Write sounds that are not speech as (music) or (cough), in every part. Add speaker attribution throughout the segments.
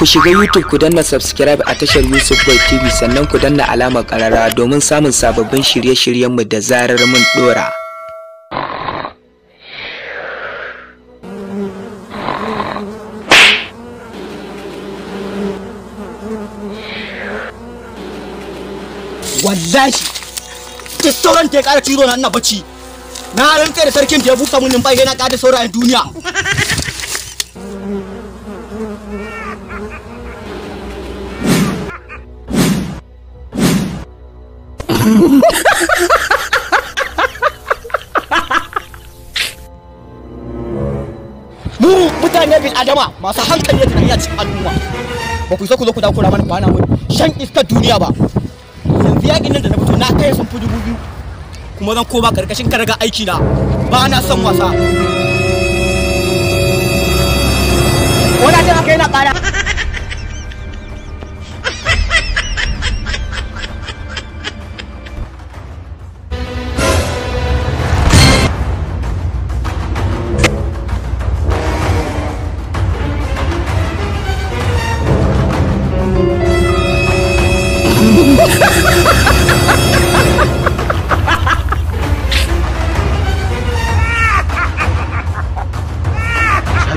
Speaker 1: Ku shiga YouTube ku danna subscribe a tashar Yusuf Boy TV sannan ku danna alamar karara domin samun sababbin shirye mu da zarar mun dora. Wallahi, ki tsoron ta ya ƙara ciro na ina bacci. Na rantse da sarkin da ya busa mun numfashi na kada saurayin duniya. mu mutane bin adama masu hankali da tunani a cikin al'umma ba ku isa ku zo ku dakura mana bana wai shan iskar duniya ba yanzu yakin nan da na fito na kai sun fi dubu biyu kuma zan koma karkashin karga aiki na ba na son wasa wani ta kai na kara Salu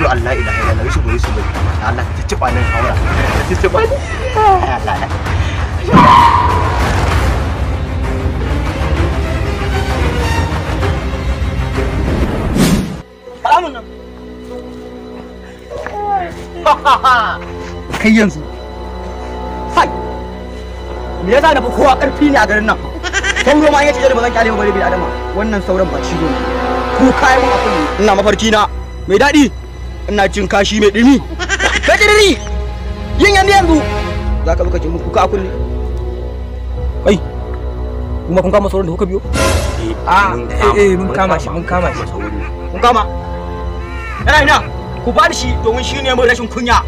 Speaker 1: Allah ila ila na shigo su bai. Allah ka ci nan haura. (laughs) Kai yanzu. Sai. me yasa na fi kowa karfi ne a garin nan sauro ma yace da bazan kyale ba bari adama wannan sauran ba cizo ne ku kai mun akwai ina mafarki na mai daɗi ina cin kashi mai dumi ka diriri yin yanzu yanzu za ka zo ka kuka a kulle ai kuma kun kama sauran da kuka biyo eh, ah, eh, eh mun kama shi mun kama shi mun kama yana ina ku ba shi domin shi ne mai rashin kunya